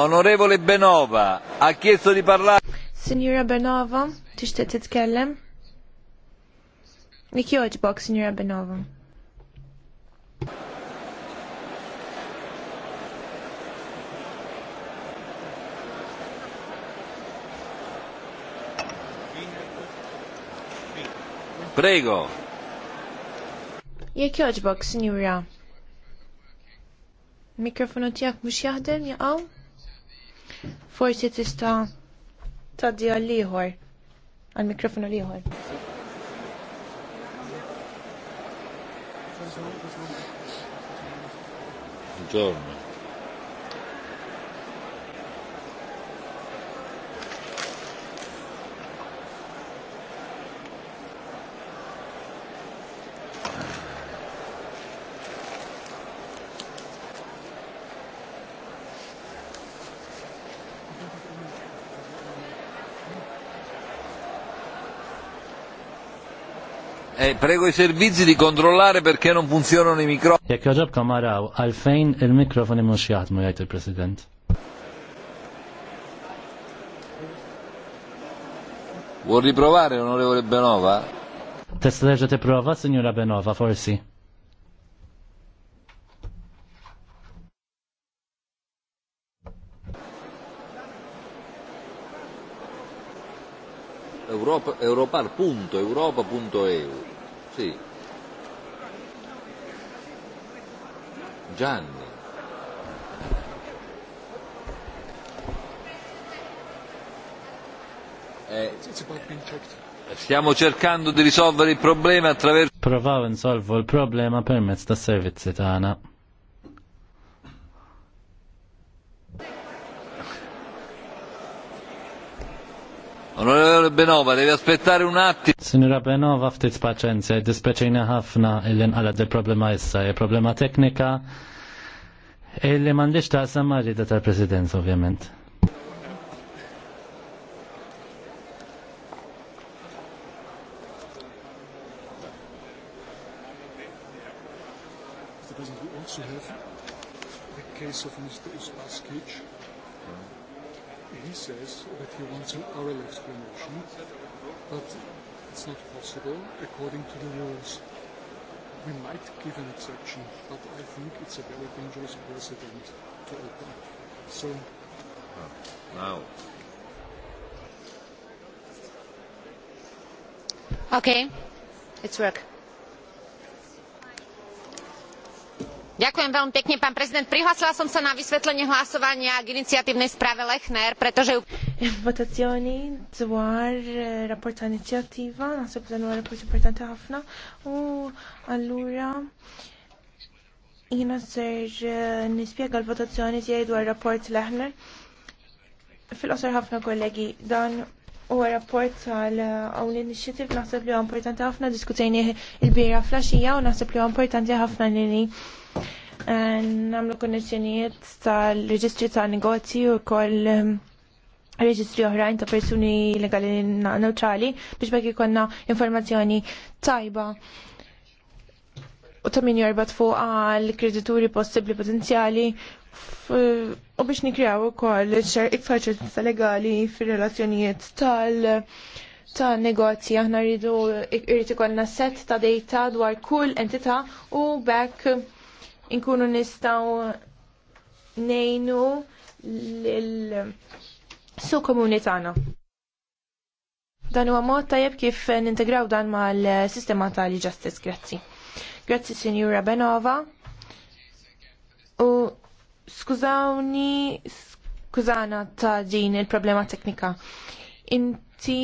Onorevole Benova, ha chiesto di parlare. Signora Benova, tixtieq titkellem? Nik joġbok, Signora Benova. Prego. Jek joġbok, Signora. Mikrofonu tijak mux jahdem, jaqaw? forsi tista' tgħaddi għal ieħor għal mikrofonu ieħor. Buongiorno. Eh, prego i servizi di controllare perché non funzionano i microfoni. Jekk joġobkom araw għalfejn il-mikrofoni mhux jaħdmu jgħid il-President. Vuol riprovare, onorevole Benova? Testa terġa' tipprova, signora Benova, forsi. europar.europa.eu. E sì. Gianni. Eh, stiamo cercando di risolvere il problema attraverso... Provavo a insolvu il problema mezzo da servizzi tana. Onorevole Benova, devi aspettare un attimo. Signora Benova, ftit paċenzja, dispeċina ħafna illi nqalat il-problema issa, il-problema teknika illi mandiċ ta' tal-presidenza, ovvjament. Mr. President, we also have the case of Mr. Yeah he says that he wants an oral explanation, but it's not possible according to the rules. We might give an exception, but I think it's a very dangerous precedent to open. So. Oh, now. Okay, it's work. Ďakujem veľmi pekne, pán prezident. Prihlásila som sa na vysvetlenie hlasovania k iniciatívnej správe Lechner, pretože... Votazzjoni dwar eh, rapport ta' inizjattiva, nasib dan huwa rapport importanti ħafna, u allura jina ser eh, nispjega l votazioni tiegħi dwar rapport Lechner. Fil-qosor ħafna kollegi, dan u rapport għal hawn l-initiative naħseb li huwa importanti ħafna diskutejni il-bira flasġija u naħseb li huwa importanti l li Eh, namlu konnessjonijiet tal-reġistri ta' negozji u koll ehm, reġistri oħrajn ta' persuni legali neutrali biex bekk ikonna informazzjoni tajba u ta' min jorbat fuq għal kredituri possibli potenzjali u biex nikrijaw u koll iktar ċertezza legali fil-relazzjonijiet tal- ta' negozji aħna rridu irrid ikollna set ta' data dwar kull entità u bekk inkunu nistaw nejnu l-su komuni tagħna. Dan huwa mod tajjeb kif nintegraw dan mal-sistema tal-Justice, grazzi. Grazzi senjura Benova. U skużawni, skużana ta' din il-problema teknika. Inti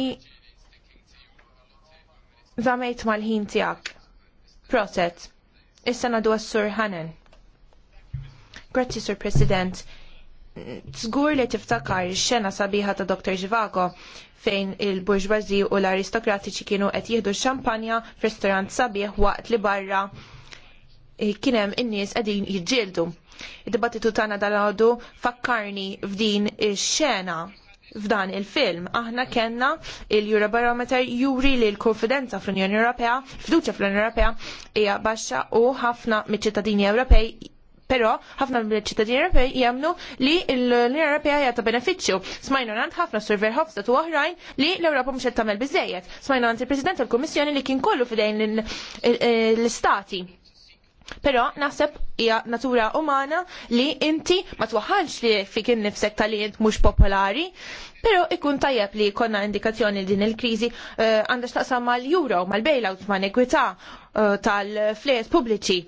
zamejt mal-ħin tijak. Proset. Issa nadu għas-Sur Grazzi, Sur President. Zgur li tiftakar xena sabiħa ta' Dr. Zhivago fejn il-burġwazi u l-aristokratiċi kienu qed jieħdu xampanja f'ristorant sabiħ waqt li barra kienem in-nies qegħdin jiġġieldu. Id-dibattitu tagħna dal fakkarni f'din ix-xena f'dan il-film. Aħna kenna il-Eurobarometer juri li l-konfidenza fl-Unjoni Ewropea, fiduċa fl-Unjoni Ewropea hija baxxa u ħafna miċ-ċittadini Ewropej Pero ħafna mill-ċittadini Ewropej jemnu li l-Unjoni Ewropea hija ta' benefiċċju. Smajna għand ħafna server Hofstadt u oħrajn li l-Ewropa mhux qed tagħmel biżejjed. Smajna għand il-President tal-Kummissjoni li kien kollu fidejn l-istati. Pero naħseb hija natura umana li inti ma twaħħalx li fik innifsek tal-li int mhux popolari, pero ikun tajjeb li konna indikazzjoni din il-kriżi eh, għandha uh, taqsam mal-euro, mal-bailout, ma' negwità uh, eh, tal-flejes pubbliċi.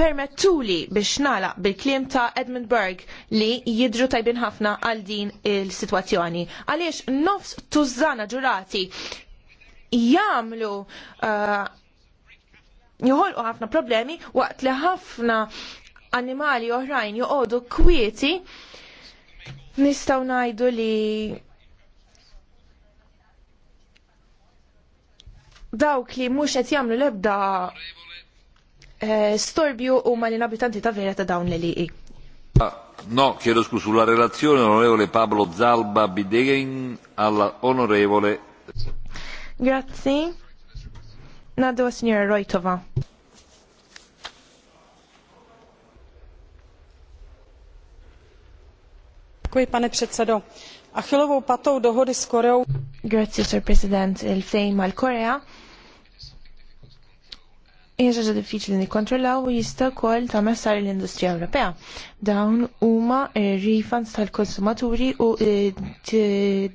Permettuli biex nala bil-kliem ta' Edmund Berg li jidru tajbin ħafna għal din il-situazzjoni. Għaliex nofs tużana ġurati jamlu uh, eh, joħolqu ħafna problemi waqt li ħafna animali oħrajn joqogħdu kwieti nistgħu ngħidu li dawk li mhux qed jagħmlu l-ebda eh, storbju huma li ta' vera ta' dawn l liqi. Ah, no, chiedo scusa, sulla relazione onorevole Pablo Zalba Bidegin onorevole. Grazie. Nadu għas-Sinjora Rojtova. pane předsedo. Achillovou patou dohody s Koreou. Grazie, Sir President. Il-fejn mal-Korea hija ġa diffiċli nikkontrollaw u jista' wkoll ta' sar l-Industrija Ewropea. Dawn huma refunds tal-konsumaturi u eh,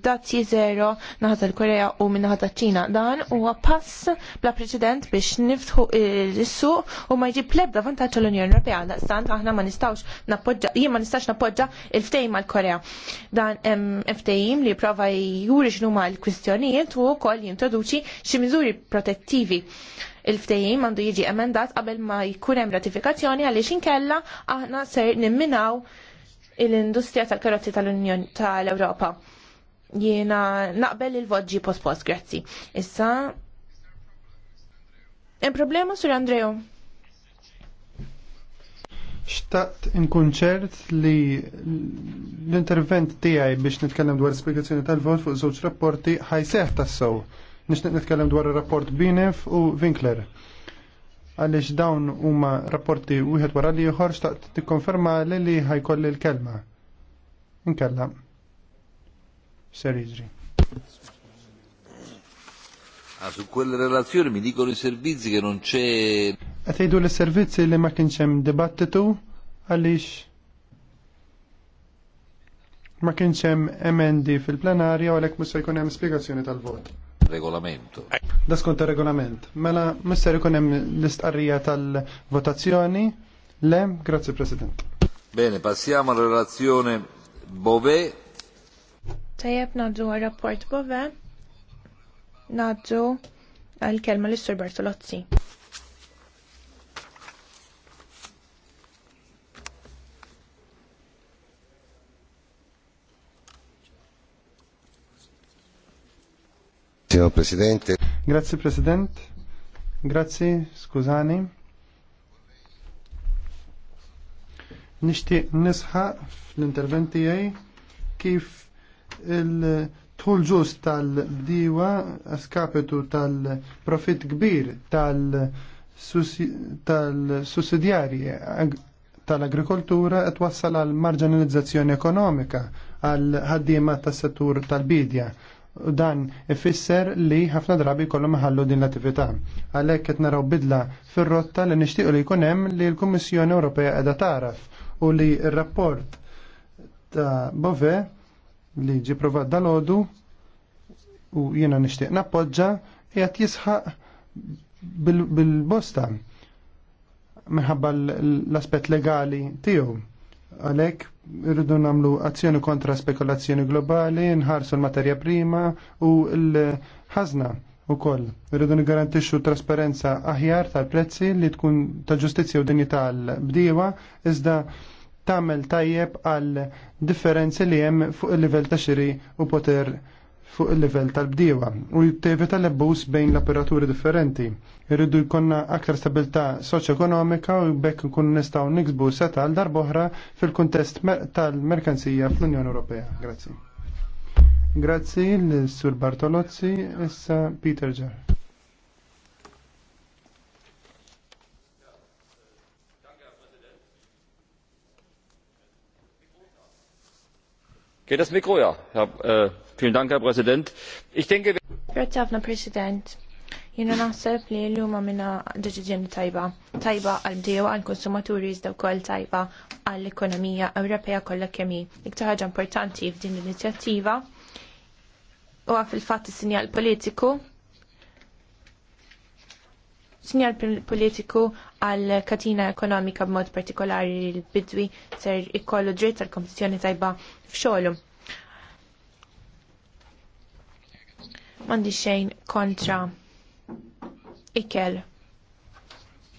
dazzi zero naħa tal-Korea u min naħa taċ-Ċina. Dan huwa pass bla preċedent biex niftħu is-suq eh, u ma jġib l-ebda vantaġġ l-Unjoni Ewropea. Daqstant aħna ma nistawx napoġġa, jien ma nistax nappoġġa il ftejim mal-Korea. Dan hemm li prova juri x'numa l-kwistjonijiet u wkoll jintroduċi xi miżuri protettivi il-ftehim għandu jiġi emendat qabel ma jkun hemm ratifikazzjoni għaliex inkella aħna ser nimminaw l-industrija tal-karozzi tal-Unjoni tal-Ewropa. Jiena naqbel il-voġġi post-post, grazzi. Issa, hemm problema sur Andrew? Xtaqt inkun ċert li l-intervent tiegħi biex nitkellem dwar l-esplikazzjoni tal-vot fuq żewġ rapporti ħajseħ tassew. sew nishtiq nitkellem dwar ir-rapport Binef u Winkler. Għaliex dawn huma rapporti wieħed wara li ieħor xtaqt tikkonferma li li ħajkolli l-kelma. Inkella. Ser jiġri. Ah, su quelle relazioni mi dicono i servizi che non c'è. Għatejdu l-servizzi li ma kienx hemm dibattitu għaliex ma kienx hemm emendi fil-plenarja u għalhekk mhux se jkun hemm spjegazzjoni tal-vot regolamentu. Eh. Da skont regolament. Mela, mister ikun hemm l-istqarrija tal-votazzjoni? Le, grazie President. Bene, passiamo alla relazione Bove. Tajjeb nadu għal rapport Bove. Naddu għal kelma l-Istur Bartolozzi. Signor Presidente. Grazie President. Grazie, skużani. Nixtieq nisħa fl-interventi għaj kif il tul ġust tal-bdiwa skapitu tal-profit kbir tal sussidjari tal-agrikoltura et wassal għal marġinalizzazzjoni ekonomika għal ħaddima tas-settur tal-bidja dan ifisser li ħafna drabi kollu maħallu din l-attività. Għalhekk qed naraw bidla fir-rotta li nixtiequ li jkun hemm li l-Kummissjoni Ewropea qiegħda taraf u li r-rapport ta' Bove li ġi provat dal-ħodu u jiena nixtieq nappoġġa qiegħed jisħaq bil-bosta minħabba l-aspett legali tiegħu Għalek, rridu namlu azzjoni kontra spekulazzjoni globali, nħarsu l-materja prima u l-ħazna u koll. Rridu nigarantixxu trasparenza aħjar tal-prezzi li tkun ta' ġustizzja u dinjità tal-bdiewa, iżda tagħmel tajjeb għal differenzi li hemm fuq il-livell ta' xiri u poter fuq il level tal-bdiewa u jittevita l ebbus bejn l-operaturi differenti. Irridu jkollna aktar stabilta soċ-ekonomika u bekk nkun nistaw niksbu seta għal darboħra fil kontest tal-merkanzija fl-Unjoni Ewropea. Grazzi. Grazzi l-Sur Bartolozzi, issa Peter Jar. Geht das Mikro ja, Herr äh, Vielen Dank, Herr Präsident. Ich denke... Grazie, Herr Präsident. Jena naħseb li l-luma minna deċiżjoni tajba. Tajba għal-bdew għal-konsumaturi iżda wkoll tajba għall-ekonomija Ewropea kollha kemm hi. Iktar ħaġa importanti f'din l-inizjattiva u fil-fatt is-sinjal politiku sinjal politiku għal katina ekonomika b'mod partikolari l-bidwi ser ikollu dritt għal kompetizjoni tajba f'xogħlu. Mandi xejn kontra ikel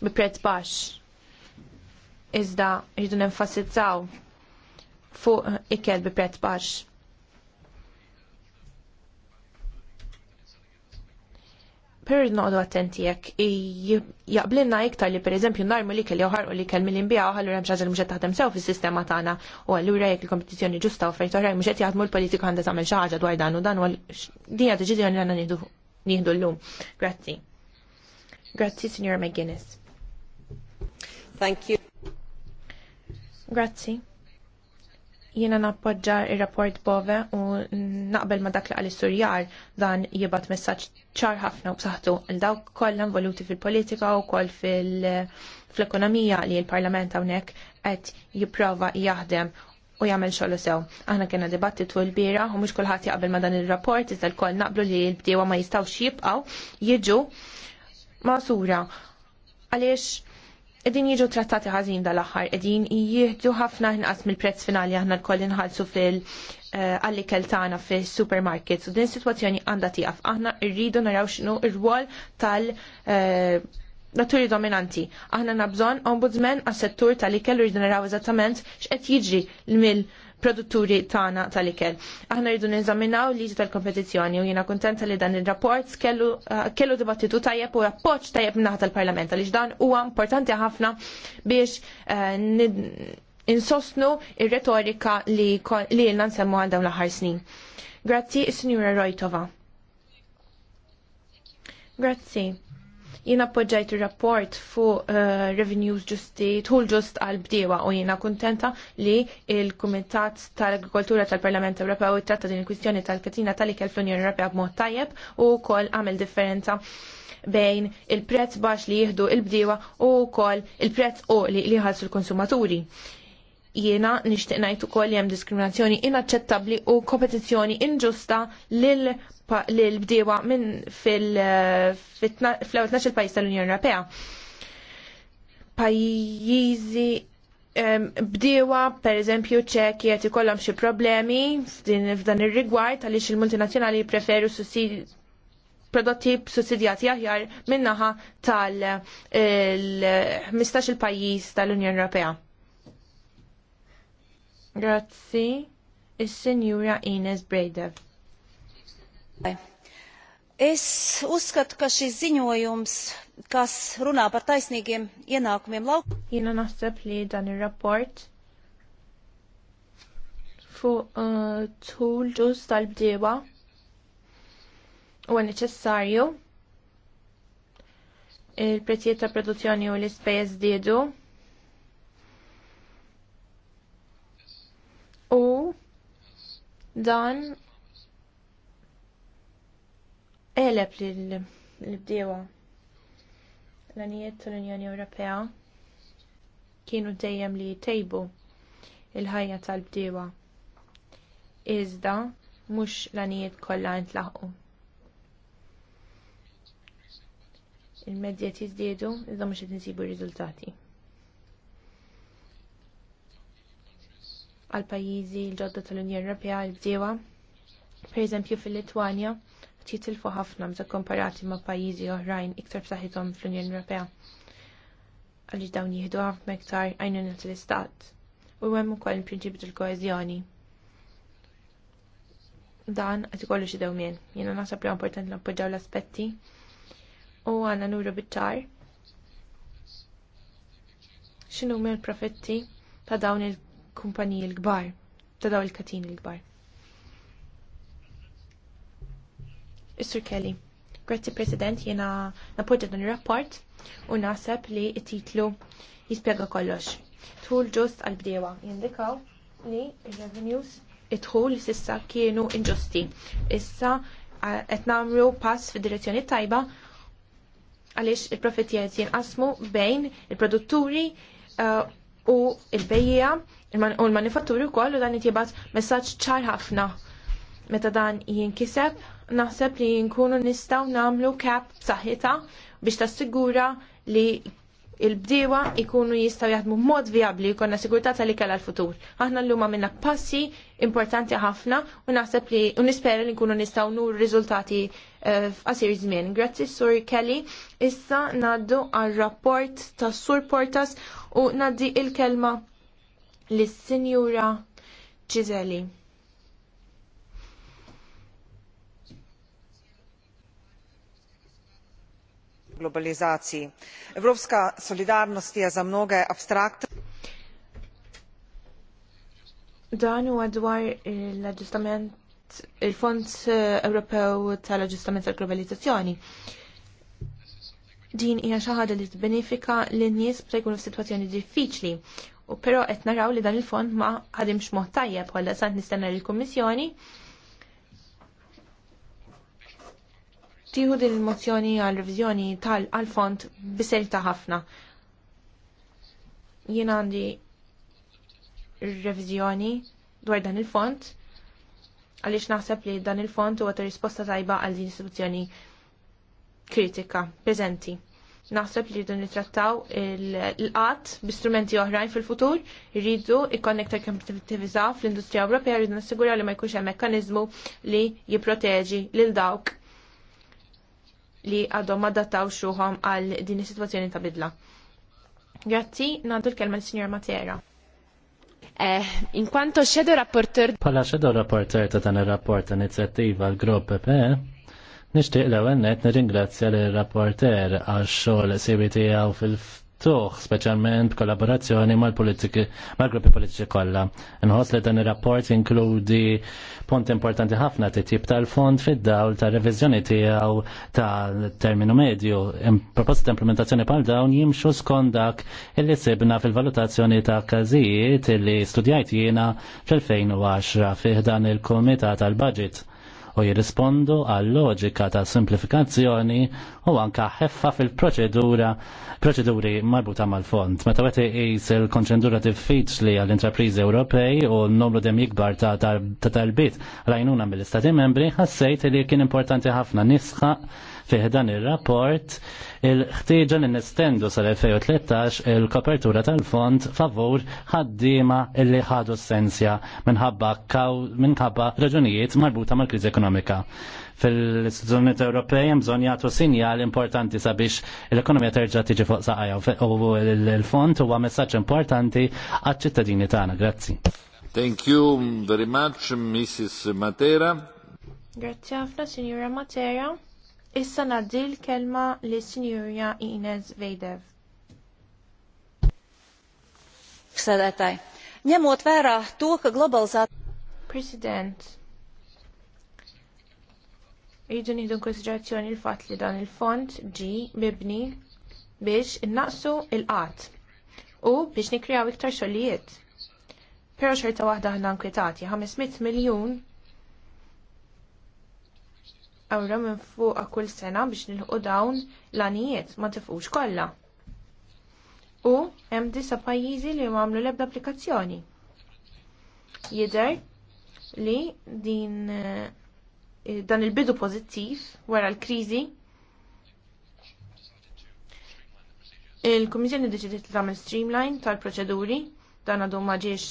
bi prezz baxx. Iżda jridu nenfasizzaw fuq ikel bi prezz baxx. per noqdu attenti jekk jaqblinna iktar li per eżempju narmu li kelli uħar u li kelmi li nbijaw għallura hemm xaġa mhux taħdem sew fis-sistema tagħna u allura jekk il-kompetizzjoni ġusta u fejn oħrajn mhux qed l-politiku għandha tagħmel xaħġa dwar dan u dan din hija deċiżjoni li għandna nieħdu llum. Grazzi. Grazzi, Signora McGuinness. Thank you. Grazzi. Jiena nappoġġa ir-rapport Bove u naqbel ma dak li għal surjar dan jibat messaġġ ċar ħafna u b'saħħtu il dawk kollha involuti fil-politika u koll fil-ekonomija li l-Parlament hawnhekk qed jipprova jaħdem u jagħmel xogħol sew. Aħna kena dibattitu l-bira u mhux kulħadd jaqbel ma dan ir-rapport iżda l-koll naqblu li l-bdiewa ma jistgħux jibqgħu jiġu masura għaliex Edin jiġu trattati ħażin dal-aħħar, edin jieħdu ħafna ħinqas mill-prezz finali aħna l kolli nħalsu fil- eh, għalli keltana fil supermarkets u din situazzjoni għanda tiqaf. Aħna rridu naraw xinu ir-rwol tal- eh, naturi dominanti. Aħna nabżon ombudsman għas settur tal-ikel u rridu naraw eżattament x'qed jiġri mill- produtturi tagħna tal-ikel. Aħna rridu nizaminaw liġi tal-kompetizzjoni u jiena kuntenta li dan ir-rapport eh, kellu dibattitu tajjeb u appoġġ tajjeb minnaħa tal-Parlament għaliex dan huwa importanti ħafna biex eh, insostnu il retorika li jilna nsemmu għal dawn l-aħħar snin. Grazzi, Signora Rojtova. Grazzi. Jina appoġġajt il-rapport fu uh, revenues ġusti, tħul ġust għal-bdiewa u jina kontenta li il-Kumitat tal-Agrikoltura tal-Parlament Ewropew tratta din il-kwistjoni tal-katina tal-ikel fl-Unjoni Ewropea b'mod tajjeb u kol għamil differenza bejn il-prezz bax li jihdu il-bdiewa u kol il-prezz u li liħalsu l-konsumaturi jiena nixtieq ngħid ukoll li hemm diskriminazzjoni inaċċettabbli u kompetizzjoni inġusta lil l-bdiewa minn fil-12 eh, pajis tal-Unjoni Ewropea. Pajjiżi bdiewa, per eżempju, ċek għet ikollhom xi problemi f'dan ir-rigward għaliex il-multinazzjonali preferu prodotti sussidjati aħjar minnaħa tal-15 eh, il-pajjiż tal-Unjoni Ewropea. Grazzi, is-Sinjura Ines Bredev. Es uzskatu, ka šis ziņojums, kas runā par taisnīgiem ienākumiem lauk. Jina naħseb li dan ir-rapport fuq uh, tul ġus dieva, u huwa neċessarju il-prezzijiet ta' produzzjoni u l-ispejjeż diedu. U dan eleb li l-bdiewa l-anijiet tal-Unjoni Ewropea kienu dejjem li jtejbu il-ħajja tal-bdiewa iżda mhux l-anijiet kollha ntlaħqu. Il-medjet jiżdiedu iżda mhux qed insibu r-riżultati. għal pajjiżi l-ġodda tal-Unjoni Ewropea l-bdiewa, pereżempju fil-Litwanja, titilfu ħafna meta komparati ma' pajjiżi oħrajn iktar b'saħħithom fl-Unjoni Ewropea. Għaliex dawn jieħdu ħafna iktar għajnuna tal-istat. U hemm ukoll il-prinċipju tal-koeżjoni dan qed ikollu xi dewmien. Jiena naħseb li importanti nappoġġaw l-aspetti u għandna nuru biċ-ċar. X'inhu l profitti ta' dawn il-kumpaniji l-kbar, ta' dawn il-katin il-kbar. Mr. Kelly. Grazzi President, jena napoġġa dan ir-rapport u naħseb li t-titlu jispjega kollox. Tul ġust għal-bdewa jindikaw li revenues idħul li sissa kienu inġusti. Issa qed nagħmlu pass fid-direzzjoni tajba għaliex il-profittijiet jinqasmu bejn il-produtturi uh, u il-bejja u l-manifatturi koll u dan jitjibat messaġġ ċar ħafna meta dan jinkiseb naħseb li nkunu nistaw namlu kap b'saħħitha biex tassigura li il-bdiewa ikunu jistaw jaħdmu mod viabli jkollna sigurtà tal kalla l-futur. Aħna l-luma minna passi importanti ħafna u naħseb li u li nkunu nistaw nur rizultati eh, f'qasir żmien. Grazzi Sur Kelly. Issa naddu għal rapport ta' Sur Portas u naddi il-kelma lis-Sinjura Ciseli. globalizaciji. evropska solidarnost je za mnoge abstraktna dan huwa dwar l-aġġustament il-Fond Ewropew tal-Aġġustament tal-Globalizzazzjoni. Din hija xi ħaġa li tbenefika lin nies b'ta jkunu f'sitwazzjoni diffiċli. U però qed naraw li dan il-fond ma ħadimx mod tajjeb għal sant nistenna lill kummissjoni tieħu din il-mozzjoni għal revizjoni tal-font biserta ħafna. Jien għandi revizjoni dwar dan il-font għaliex naħseb li dan il-font huwa ta' risposta tajba għal din istituzzjoni kritika preżenti. Naħseb li rridu nitrattaw l-qatt b'istrumenti oħrajn fil-futur, rridu ikkonnekta kompetitività fl-industrija Ewropea, rridu nassigura li ma jkunx hemm mekkaniżmu li jipproteġi lil dawk li għadhom ma dataw xuhom għal din is-sitwazzjoni ta' bidla. Grazzi, nagħtu l-kelma l-Sinjor Matera. Eh, in quanto shadow rapporteur Pala shadow rapporteur ta' dan il-rapport inizjattiva l-Grupp PP, nishtiq l għennet nirringrazzja l rapporteur għal xogħol CBT tiegħu fil miftuħ, speċjalment b'kollaborazzjoni mal-politiki, mal-gruppi politiċi kollha. Inħoss li dan ir-rapport jinkludi punt importanti ħafna titjib tal-fond fid-dawl ta' reviżjoni tiegħu ta' terminu medju. Proposta implementazzjoni bħal dawn jimxu skont dak illi sibna fil-valutazzjoni ta' każijiet illi studjajt jiena fl-2010 fih dan il kumitat tal-Budget u jirrispondu għal loġika ta' simplifikazzjoni u anka ħeffa fil-proċedura proċeduri marbuta mal-fond. Meta wete jis il-konċendura diffiċli għall intrapriżi Ewropej u n-numru dem jikbar ta' talbit għal għajnuna mill-Istati membri, ħassejt li kien importanti ħafna nisħaq fih dan ir-rapport il-ħtieġa li nestendu sal-2013 il-kopertura tal-fond favur ħaddiema illi ħadu sensja minħabba minħabba raġunijiet marbuta mal krizi ekonomika. Fil-istituzzjonijiet Ewropej hemm bżonn jagħtu sinjal importanti sabiex l-ekonomija terġa' tiġi fuq saqajja u l-fond huwa messaġġ importanti għaċ-ċittadini tagħna. Grazzi. Thank you very much, Mrs. Matera. Grazie ħafna, Signora Matera. Issa naddi l-kelma li sinjurja Inez Vejdev. Xsedetaj. Njemot vera tuk globalizat. President. Idu nidu konsiderazzjoni l-fat li dan il-fond ġi bibni biex innaqsu il-qat u biex nikrjaw iktar xogħlijiet. Pero xorta waħda ħna nkwetati, 500 miljun ewra minn fuq kull sena biex nilħu dawn l-anijiet ma tifqux kollha. U hemm disa pajjiżi li għamlu l-ebda applikazzjoni. Jidher li din eh, dan il-bidu pożittiv wara l-kriżi Il-Kummissjoni deċidiet li tagħmel streamline tal-proċeduri dan għadu ma ġiex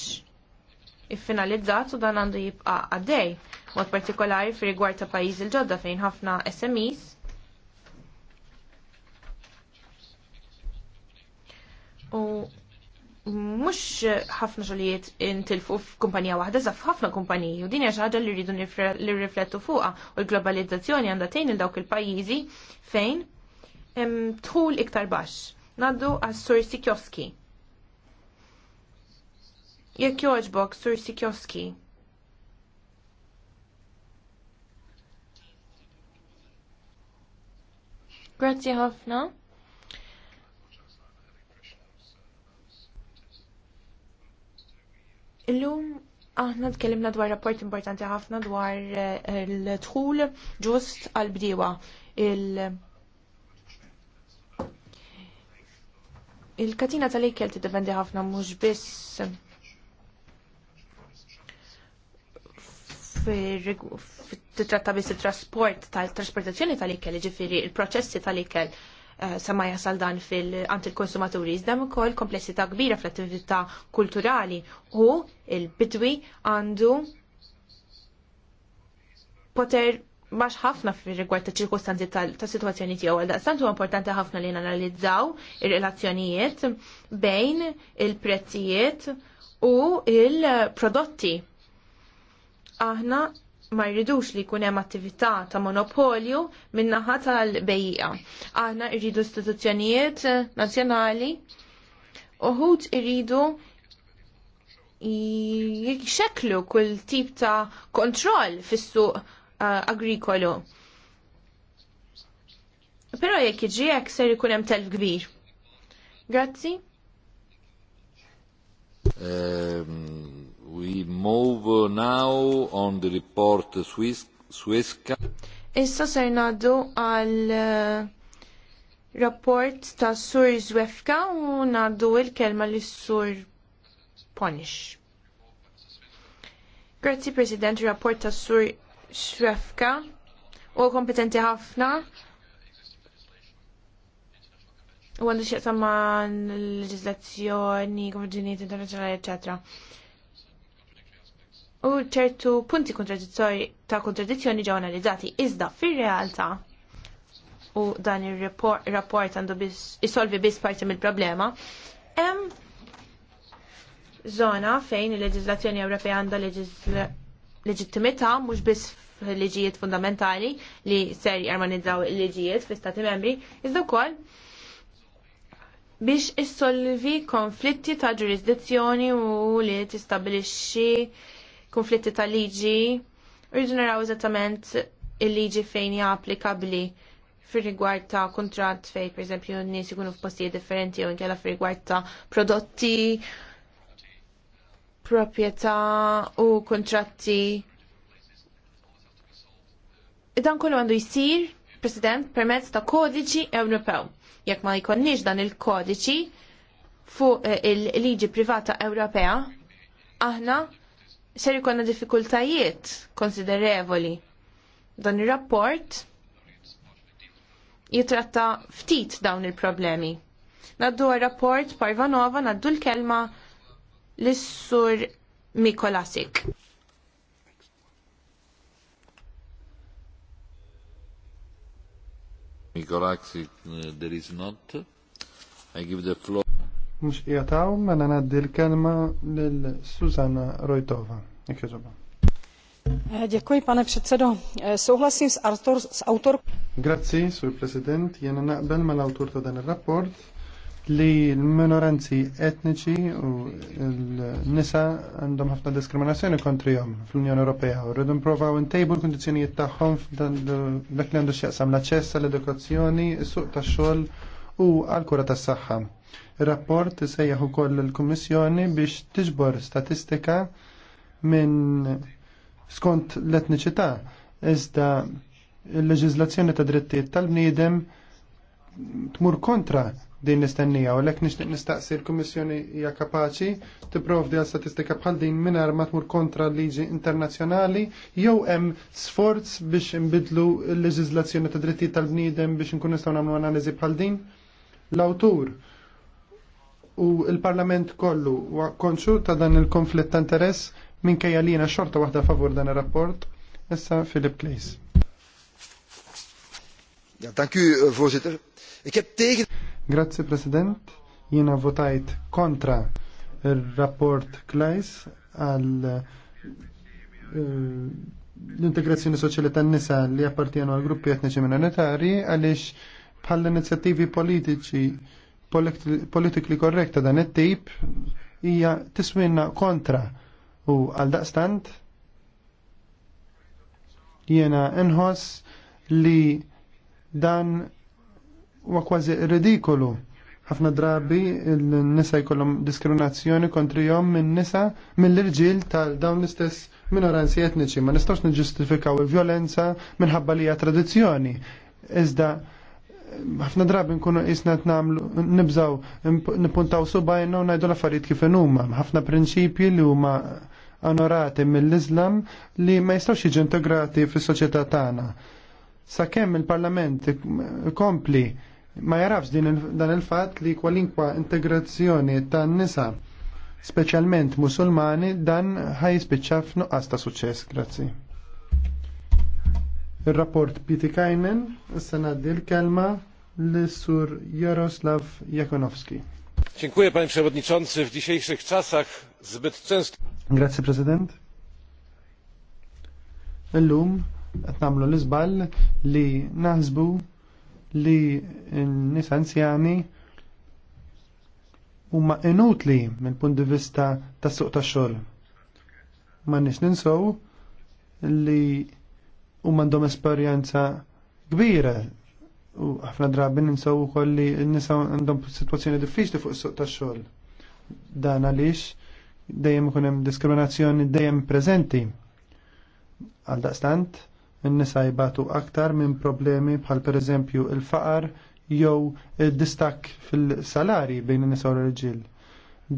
iffinalizzat u dan għandu jibqa' għaddej mod partikolari fi rigward ta' pajjiż il-ġodda fejn ħafna SMEs. U mux ħafna xogħlijiet intilfu f'kumpanija waħda, zaf ħafna kumpaniji, u din hija xi ħaġa li rridu nirriflettu fuqha u l-globalizzazzjoni għandha tgħin il dawk il-pajjiżi fejn tħul iktar baxx. Naddu għas-sursi kioski. Jekk jogħġbok sursi kioski, Grazie ħafna. Illum aħna tkellimna dwar rapport importanti ħafna dwar eh, il-dħul ġust għal-bdiewa. l Il-katina tal-ikel tiddependi ħafna mhux biss titratta biss il-trasport tal-trasportazzjoni tal-ikel, ġifiri il-proċessi tal-ikel eh, sama jasal dan fil-ant il-konsumaturi, iżdem ukoll komplessità kbira fl-attività kulturali u il-bidwi għandu poter max ħafna fil rigward ta' ċirkustanzi ta' situazzjoni tiegħu għal daqstant huwa importanti ħafna li nanalizzaw ir-relazzjonijiet bejn il-prezzijiet u il-prodotti aħna ma jridux li jkun hemm attività ta' monopolju min-naħa tal-bejja. Aħna jridu istituzzjonijiet nazzjonali uħud irridu jixxeklu kull tip ta' kontroll fis-suq eh, agrikolu. Però jekk jiġi hekk ser ikun hemm telf kbir. Grazzi. Ehm, We move uh, now on the report Swiska. Issa ser naddu għal uh, rapport ta' Sur Zwefka u naddu il-kelma li Sur Ponish. Grazzi President, rapport ta' Sur Zwefka u kompetenti ħafna u għandu xieqsam ma' l-leġizlazzjoni, konvenzjoniet internazjonali, eccetera u ċertu punti kontradittorji ta' kontradizzjoni ġew analizzati iżda fir-realtà u dan ir-rapport għandu isolvi biss parti mill-problema, hemm zona fejn il leġizlazzjoni Ewropea għandha leġittimità mhux biss fil-liġijiet fundamentali li ser jarmanizzaw il-liġijiet fl-Istati membri, iżda wkoll biex issolvi konflitti ta' ġurisdizzjoni u li tistabilixxi konflitti ta' liġi, rridu naraw eżattament il-liġi fejn hija applikabbli fir-rigward ta' kuntratt fejn pereżempju n-nies ikunu f'postijiet differenti jew inkella fir-rigward ta' prodotti, proprjetà u kontratti. Dan kollu għandu jsir, President, permezz ta' kodiċi Ewropew. Jekk ma jkonniex dan il-kodiċi fuq eh, il-liġi privata Ewropea, aħna ser ikonna diffikultajiet konsiderevoli. Dan ir-rapport jitratta ftit dawn il-problemi. Naddu rapport Parvanova naddu l-kelma l-sur Mikolasik. Mikolasik, uh, there is not. I give the floor mux jgħataw, mela naddi l-kelma l Susanna Rojtova. Ikħiġoba. Eh, Dziękuję, pane przedsedo. Eh, souhlasím s, autor, s autor... Grazzi, sur president. Jena naqbel mal autor ta' dan il-rapport li l-minoranzi etniċi u l-nisa għandhom ħafna diskriminazzjoni jom fl-Unjoni Ewropea u rridu nprovaw intejbu l kondizjoni tagħhom dak li għandu xieqsam l-aċċess l edukazzjoni is-suq tax-xogħol u għall-kura tas-saħħa rapport sejjaħ ukoll il-Kummissjoni biex tiġbor statistika minn skont l-etniċità iżda l leġiżlazzjoni ta' drittijiet tal-bniedem tmur kontra din nistennija u l-ek nishtiq nistaqsi l kummissjoni hija kapaċi tipprovdi għal statistika bħal din mingħajr ma tmur kontra l-liġi internazzjonali jew hemm sforz biex inbidlu l-leġiżlazzjoni ta' drittijiet tal-bniedem biex nkun nistgħu nagħmlu analiżi bħal din. L-awtur u il-Parlament kollu konxu ta' dan il-konflitt ta' interess minkejja li xorta waħda favur dan ir-rapport. Issa Philip Klejs. Ja, eh, voorzitter. Ik heb tegen... Grazie, president. Jiena votajt kontra il-rapport Klejs għal eh, l-integrazzjoni soċjali tan-nisa li appartjenu għal gruppi etniċi minoritari għaliex bħall inizjattivi politiċi politically correct dan it-tip hija tiswinna kontra u għal daqstant jiena nħoss li dan huwa kważi ridikolu ħafna drabi il-nisa jkollhom diskriminazzjoni jom minn nisa mill-irġiel tal dawn l-istess minoranzi etniċi. Ma nistgħux niġġustifikaw il-vjolenza minħabba li hija tradizzjoni. Iżda ħafna drabi nkunu t-namlu, nibżaw nippuntaw subajna u ngħidu l-affarijiet kif huma. Ħafna prinċipji li huma onorati mill-Islam li ma jistgħux jiġu integrati fis-soċjetà tagħna. Sakemm il-Parlament kompli ma jarafx dan il-fatt li kwalinkwa integrazzjoni tan-nisa speċjalment musulmani dan ħaj ħajspiċċa f'nuqqas ta' suċċess. Grazzi. Il-rapport Piti Kajmen, s-sanaddi l-kelma l-sur Jaroslav Jakonowski. Dziękuję panie przewodniczący. W dzisiejszych czasach zbyt często... Grazie prezydent. Illum qed nagħmlu l-iżball li naħsbu li n-nies anzjani huma inutli mill-punt di vista tas-suq tax-xogħol. Ma nix ninsow li u mandom esperjenza kbira u ħafna drabi ninsaw u kolli nisa għandhom situazzjoni diffiċli fuq suq ta' xogħol. Dan għaliex dejjem ikun hemm diskriminazzjoni dejjem preżenti. Għal daqstant, n-nisa jibatu aktar minn problemi bħal pereżempju il-faqar jew id-distak fil-salari bejn in-nisa u l-irġiel.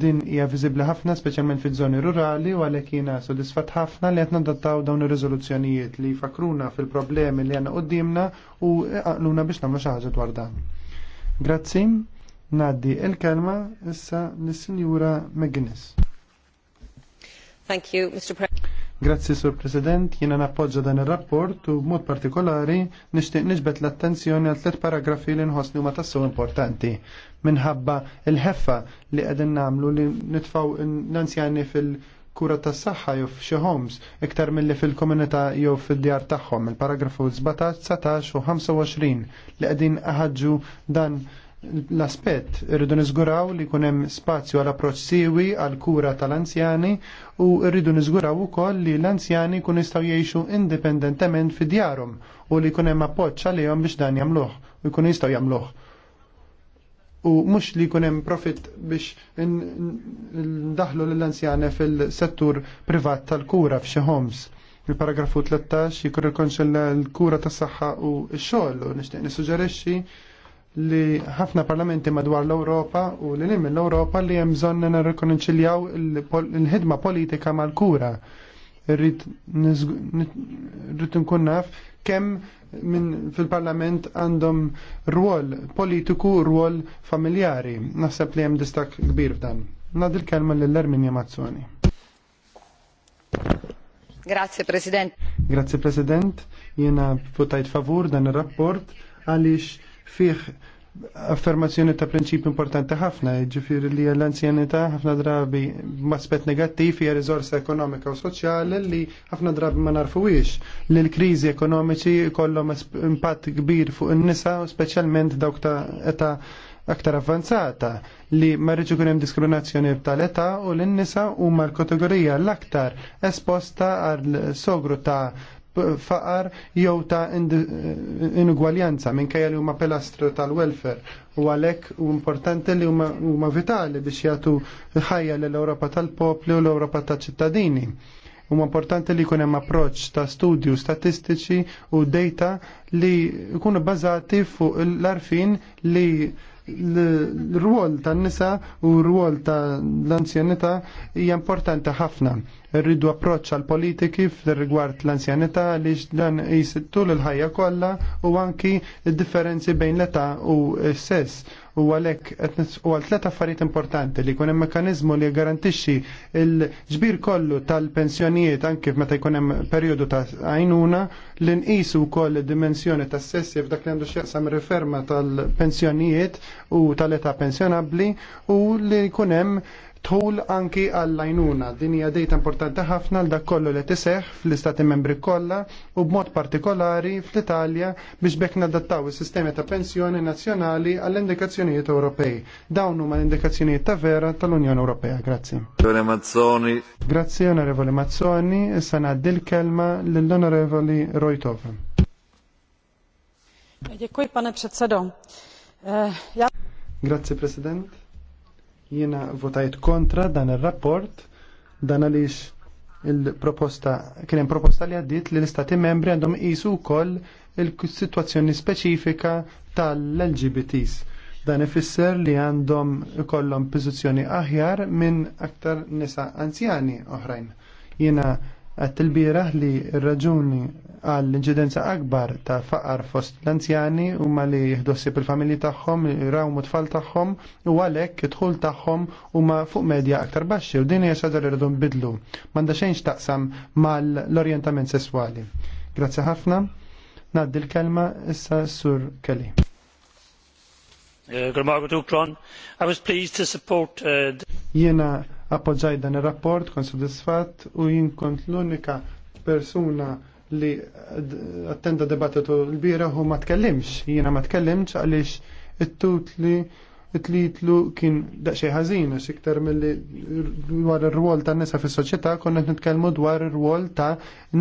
Din hija viżibbli ħafna speċjalment fiż-żoni rurali u għalhekk jiena sodisfatt ħafna li qed nadattaw dawn ir-riżoluzzjonijiet li jfakruna fil-problemi li għandna qudiemna u għaqluna biex nagħmlu xi ħaġa dwar dan. Grazzi, ngħaddi l kelma issa lis-Sinjura McGuinness. Thank you, Mr. President. Grazzi, Sur President, jiena nappoġġa dan ir-rapport u b'mod partikolari nixtieq niġbed l-attenzjoni għal tliet paragrafi li nħossni huma tassew importanti minħabba il-ħeffa li qegħdin nagħmlu li nitfaw l-anzjani fil-kura tas saħħa jew f'xi homes iktar milli fil-komunità jew fid-djar tagħhom. Il-paragrafu 17, u 25 li qegħdin aħadġu dan l-aspett irridu niżguraw li jkun hemm spazju għal approċċ siwi għal kura tal-anzjani u rridu niżguraw ukoll li l-anzjani jkunu jistgħu jgħixu indipendentement fi djarhom u li jkun hemm appoġġ għalihom biex dan jagħmluh u jkunu jistgħu jagħmluh u mhux li jkun hemm profit biex ndaħlu lill-anzjane fil-settur privat tal-kura f'xi homes il-paragrafu 13 jikur il l-kura tas saħħa u x-xogħol u nixtieq nissuġġerixxi li ħafna parlamenti madwar l-Ewropa u li nim l-Ewropa li hemm bżonn nirrikonċiljaw il-ħidma politika mal-kura rrit nkun naf kemm minn fil-parlament għandhom ruol politiku, ruol familjari. Naħseb li hemm distak kbir f'dan. Nad il-kelma l erminja Mazzoni. Grazie President. Grazie President. Jena votajt favur dan ir rapport għaliex fih affermazzjoni ta' prinċip importanti ħafna, ġifir li l-anzjanità ħafna drabi b'aspett negattiv hija riżorsa ekonomika u soċjali li ħafna drabi ma narfuwix li l-kriżi ekonomiċi kollhom impatt kbir fuq in-nisa, speċjalment dawk ta' età aktar avvanzata li ma ikun kunem diskriminazzjoni tal-età u l-nisa u mal-kategorija l-aktar esposta għal sogru ta' faqar jew ta' inugwaljanza minkejja li huma pilastru tal-welfare u għalhekk u importanti li huma vitali biex jagħtu ħajja lill ewropa tal-popli u l-Ewropa tal-ċittadini. Huma importanti li jkun hemm approċċ ta' studju statistiċi u data li jkunu bazati fuq l-arfin li l-rwol tan-nisa u r-rwol tal-anzjanità hija importanti ħafna. Rridu approċċ għal politiki f'rigward rigward l-anzjanità li dan jisittu l-ħajja kollha u anki d differenzi bejn l-età u s-sess U għalhekk u għal tliet affarijiet importanti li jkun hemm mekkaniżmu li jgarantixxi l-ġbir kollu tal-pensjonijiet anke meta jkun hemm perjodu ta' għajnuna li nqisu wkoll id-dimensjoni tas-sessi f'dak li għandu x'jaqsam riferma tal-pensjonijiet u tal-età pensjonabbli u li jkun hemm tul anki għall-lajnuna. Din hija dejta importanti ħafna l dak kollu li tiseħ fl-istati membri kollha u b'mod partikolari fl-Italja biex bekk nadattaw is-sistemi ta' pensjoni nazzjonali għall-indikazzjonijiet Ewropej. Dawn huma l-indikazzjonijiet ta' vera tal-Unjoni Ewropea. Grazzi. Mazzoni. Grazzi, Onorevoli Mazzoni. Issa ngħaddi l-kelma lill-Onorevoli Rojtov. Dziękuję, panie przewodniczący. Eh, Grazie, President. Jiena votajt kontra dan ir-rapport dan għaliex il-proposta kien hemm proposta li għaddiet li l-istati membri għandhom qisu wkoll il situazzjoni speċifika tal-LGBTs. Dan ifisser li għandhom ikollhom pożizzjoni aħjar minn aktar nisa anzjani oħrajn. Jiena Għat il-biraħ li raġuni għall inċidenza akbar ta' faqar fost l-anzjani u ma li jihdossi il-familji tagħhom, rawmu tfal tagħhom u għalhekk id-dħul tagħhom huma fuq medja aktar baxxi u din hija xi ħaġa li M'għandha xejn x'taqsam mal-orjentament sesswali. Grazzi ħafna. Naddi l-kelma issa sur Kelly. Eh, I was pleased to support eh, the Jiena appoġġaj dan ir-rapport, kon soddisfat u jien kont l-unika persuna li attenda debattitu l-bira u ma tkellimx, jiena ma tkellimx għaliex it-tutli it-litlu kien daqxej ħażin għax iktar milli dwar ir-rwol ta' nisa fis-soċjetà konna nitkellmu dwar ir-rwol ta'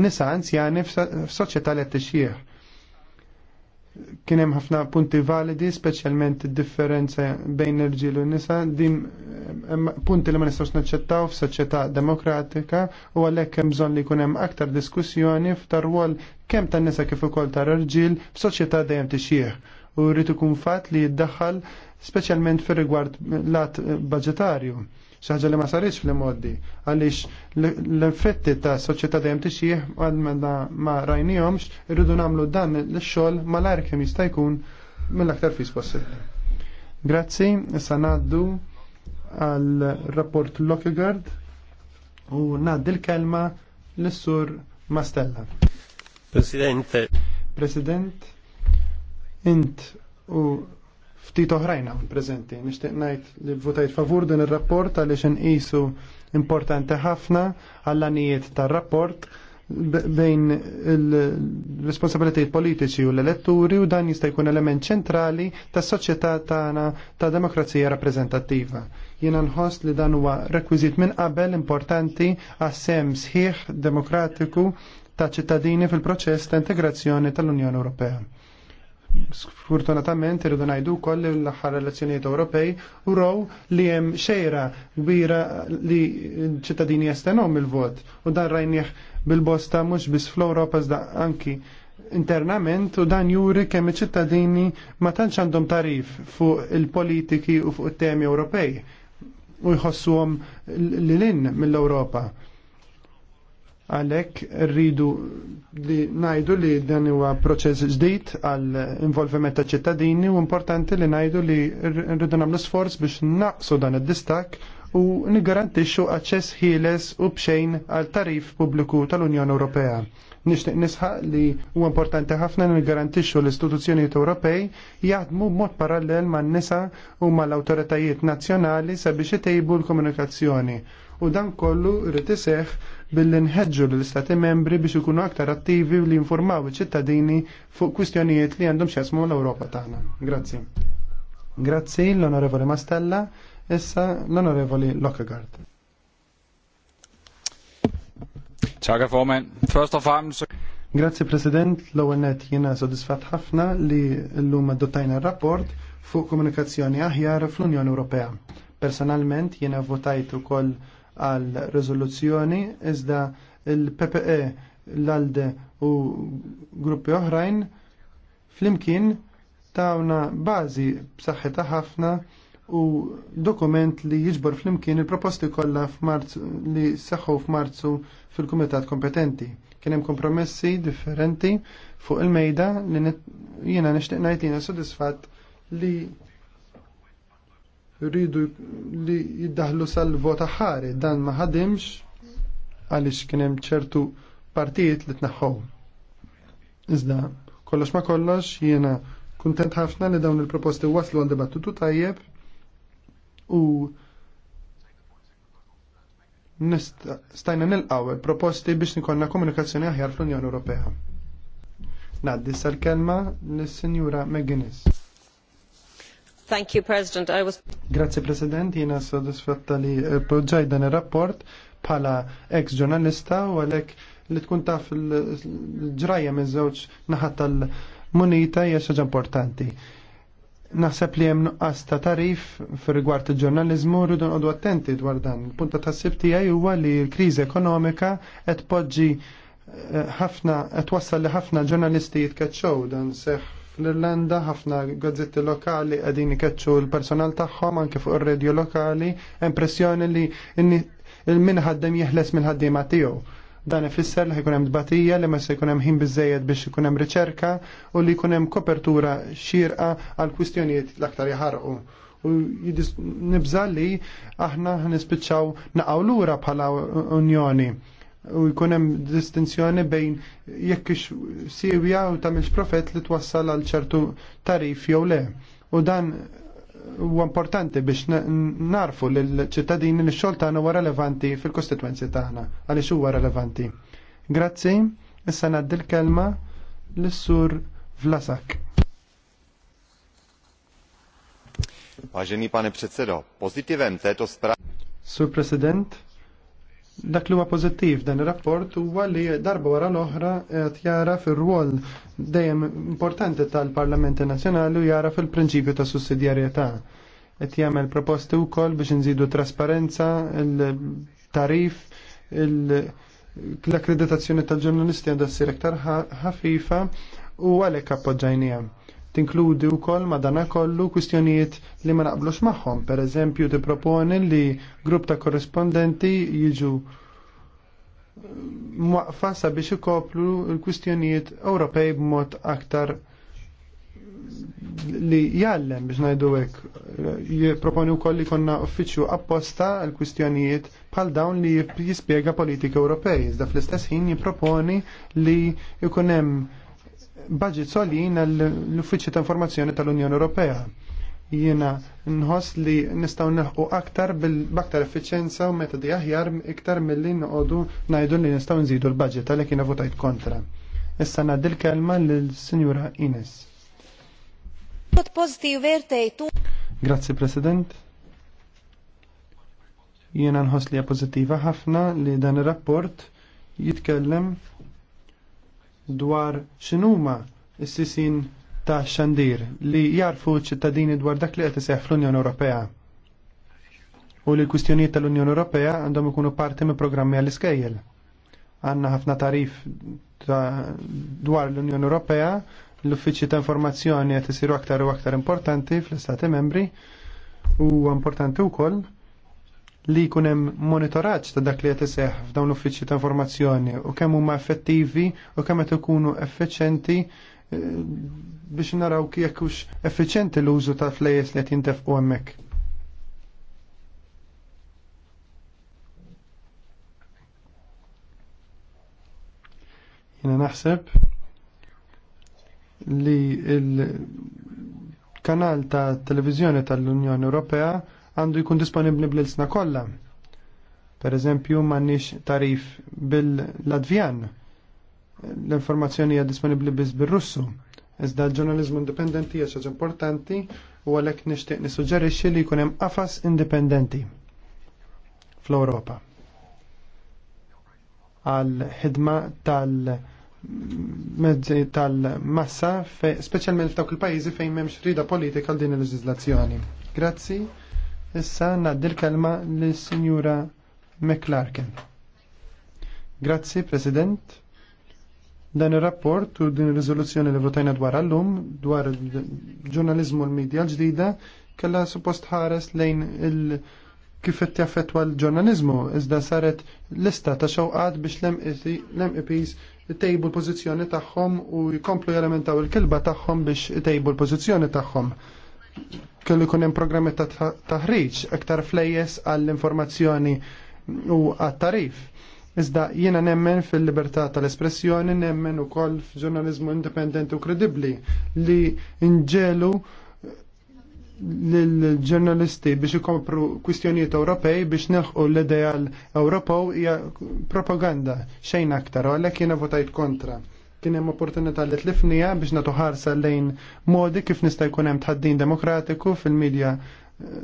nisa anzjani f'soċjetà li qed Kien hemm ħafna punti validi, speċjalment id-differenza bejn il-ġil u nisa, din punti li ma nistgħux naċċettaw f'soċjetà demokratika u għalhekk hemm bżonn li jkun hemm aktar diskussjoni f'tar rwol kemm tan-nisa kif ukoll tar-irġiel f'soċjetà dejjem tixjih u rrid ikun fatt li jiddaħħal speċjalment fir rigward lat budġetarju ċaġa li ma sarriċ fl moddi għalix l-effetti ta' soċieta dejjem tixjih għadmenda ma rajnijomx, irridu namlu dan l-xol ma l arkem kem jistajkun mill-aktar fis possibli. Grazzi, issa naddu għal rapport Lockegard u naddi l-kelma l-sur Mastella. Presidente. President, int u ftit oħrajna prezenti. Nixtieq ngħid li votajt favur din ir-rapport għaliex inqisu importanti ħafna għall-anijiet tar-rapport bejn il-responsabilitajiet politiċi u l eletturi u dan jista' jkun element ċentrali tas soċjetà tagħna ta' demokrazija rappreżentattiva. Jiena nħoss li dan huwa rekwiżit minn qabel importanti għas-sem sħiħ demokratiku ta' ċittadini fil-proċess ta' integrazzjoni tal-Unjoni Ewropea. Sfortunatament irridu ngħidu wkoll l-aħħar elezzjonijiet Ewropej uraw li hemm xejra kbira li ċittadini jestenhom il-vot u dan rajnieh bil-bosta mhux biss fl-Ewropa iżda anki internament u dan juri kemm iċ-ċittadini ma tantx għandhom tarif fuq il-politiki u fuq it-temi Ewropej u jħossuhom lilin mill-Ewropa. Għalhekk rridu li ngħidu li dan huwa proċess ġdid għall involviment ta' ċittadini u importanti li ngħidu li rridu nagħmlu sforz biex naqsu dan id-distak u nigarantixxu aċċess ħieles u bxejn għal tarif pubbliku tal-Unjoni Ewropea. Nixtieq nisħaq li huwa importanti ħafna nigarantixxu l-istituzzjonijiet Ewropej jaħdmu b'mod parallel man-nisa u mal-awtoritajiet nazzjonali sabiex itejbu l-komunikazzjoni. U dan kollu rrid iseħħ billi nħedġu l-istati membri biex ikunu aktar attivi li informaw iċ-ċittadini fuq kwistjonijiet li għandhom x'esmu l-Ewropa tagħna. Grazzi. Grazzi l-Onorevoli Mastella, issa l-Onorevoli Lockegard. Ċaga fomen, first of all, Grazzi President, l-ewwel net jiena sodisfatt ħafna li llum adottajna r-rapport fuq komunikazzjoni aħjar fl-Unjoni Ewropea. Personalment jiena votajt ukoll koll għal rezoluzzjoni iżda il-PPE l-ALDE u gruppi oħrajn flimkien tawna bażi b'saħħitha ħafna u dokument li jiġbor flimkien il-proposti kollha f'Marzu li saħħu f'Marzu fil-kumitat kompetenti. Kien hemm kompromessi differenti fuq il-mejda li jiena nixtieq ngħid li sodisfatt li rridu li jiddaħlu sal-vota ħari, dan ma ħadimx għaliex kien hemm ċertu partijiet li tnaħħu. Iżda, kollox ma kollox jiena kuntent ħafna li dawn il-proposti waslu għal dibattitu tajjeb u stajna nilqaw il-proposti biex nikonna komunikazzjoni aħjar fl-Unjoni Ewropea. Naddis sal-kelma lis sinjura McGuinness. Thank you, President. I was... Grazie, President. Jina soddisfatta li eh, poġġaj dan il-rapport bħala ex-ġurnalista u għalek li tkun taf l-ġraja minn żewġ naħat tal-munita hija ħaġa importanti. Naħseb li hemm nuqqas ta' tarif fir-rigward il-ġurnaliżmu rridu nqogħdu attenti dwar dan. Il-punta tassib tiegħi huwa li l-kriżi ekonomika qed poġġi eh, ħafna qed wassal li ħafna ġurnalisti jitkaċċew dan seħħ Fl-Irlanda ħafna gazzetti lokali qegħdin ikeċċu l-personal tagħhom anke fuq ir-radio lokali impressjoni li il-min ħaddem jeħles minn ħaddiema tiegħu. Dan ifisser li ħajkun hemm dbatija li ma se jkun hemm ħin biżejjed biex ikun hemm riċerka u li jkun hemm kopertura xierqa għal kwistjonijiet l-aktar jaħarqu u jidis nibżalli aħna nispiċċaw naqaw lura bħala Unjoni u jkun hemm distinzjoni bejn jekk siwja u tagħmilx profet li twassal għal ċertu tarif jew le. U dan huwa importanti biex narfu lill ċittadini li xol xogħol tagħna huwa relevanti fil-kostitwenzi tagħna għaliex huwa relevanti. Grazzi, issa ngħaddi l-kelma lis-sur Vlasak. Vážený pane předsedo, pozitivem této zprávy... Sur President, Dak li huwa pożittiv dan ir-rapport huwa li darba wara l-oħra qed jara fir-rwol dejjem importanti tal-Parlamenti Nazzjonali u jara fil-prinċipju ta' sussidjarjetà. Qed jagħmel proposti wkoll biex inżidu trasparenza, il-tarif, l-akkreditazzjoni tal-ġurnalisti għandha ssir iktar ħafifa u għalhekk appoġġajnija tinkludi wkoll kollu kwistjonijiet li ma naqblux magħhom. Pereżempju tipproponi li grupp ta' korrespondenti jiġu mwaqfa sabiex ikoplu l-kwistjonijiet Ewropej b'mod aktar li jallem biex najdu għek, jiproponi u koll li konna uffiċju apposta l-kwistjonijiet bħal dawn li jispiega politika Ewropej. Iżda fl-istess ħin jiproponi li jikunem budget solin l-Uffiċċju ta' Informazzjoni tal-Unjoni Ewropea. Jiena nħoss li nistgħu nilħqu aktar bil b'aktar effiċjenza u metodi aħjar iktar milli noqogħdu ngħidu li nistgħu nżidu l-budget għalhekk jiena votajt kontra. Issa ngħaddi l-kelma lill-Sinjura Ines. Grazzi President. Jiena nħoss li hija pożittiva ħafna li dan ir-rapport jitkellem dwar x'inhuma s-sisin ta' xandir li jarfu ċittadini dwar dak li qed iseħħ fl-Unjoni Ewropea. U li l-kwistjonijiet tal-Unjoni Ewropea għandhom ikunu parti minn programmi għall-iskejjel. Għandna ħafna tarif dwar l-Unjoni Ewropea, l-uffiċċji ta' informazzjoni qed isiru aktar u aktar importanti fl-Istati membri u importanti wkoll li jkun hemm monitoraġġ ta' dak li qed iseħħ f'dawn l-uffiċċji ta' informazzjoni u kemm huma effettivi u kemm qed ikunu effiċenti eh, biex naraw kif hux effiċenti l-użu ta' flejes li qed jintefqu hemmhekk. Jiena naħseb li il-kanal ta' televizjoni tal-Unjoni Ewropea għandu jkun disponibli bl-ilsna kollha. Per eżempju, m'għandniex tarif bil-Latvjan. L-informazzjoni hija disponibbli biss bir-Russu. Iżda l-ġurnalizmu indipendenti hija xaġa importanti u għalhekk nixtieq nissuġġerixxi li jkun hemm qafas indipendenti fl-Ewropa għal ħidma tal- mezzi tal-massa, specialment f'dawk il-pajjiżi fejn m'hemmx rida politika għal din il-leġiżlazzjoni. Grazzi. Issa naddi l-kelma l-Sinjura McClarkin. Grazzi, President. Dan il-rapport u din il-rizoluzzjoni li votajna dwar għallum dwar il-ġurnalizmu l-medja l-ġdida kalla suppost ħares lejn il- kif qed jaffettwa l-ġurnalizmu iżda saret lista ta' xewqat biex l-MEPs tejbu l-pożizzjoni tagħhom u jkomplu jelementaw il-kilba tagħhom biex tejbu l-pożizzjoni tagħhom kellu jkun hemm programmi ta' taħriġ aktar flejjes għall-informazzjoni u għat-tarif. Iżda jiena nemmen fil-libertà tal-espressjoni, nemmen ukoll f'ġurnaliżmu indipendenti u kredibbli li nġelu l-ġurnalisti biex ikompru kwistjonijiet Ewropej biex neħqu l-ideal Ewropew hija propaganda xejn aktar, u għalhekk jiena votajt kontra kien hemm opportunità li tlifnija biex nagħtu ħarsa lejn modi kif nista' jkun hemm tħaddin demokratiku fil-medja eh,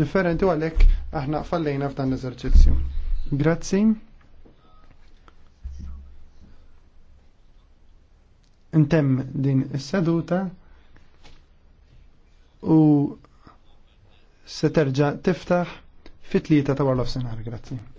differenti u għalhekk aħna fallejna f'dan l-eżerċizzju. Grazzi. Intemm din is-seduta u se terġa' tiftaħ fit-tlieta ta' warlof senar, grazzi.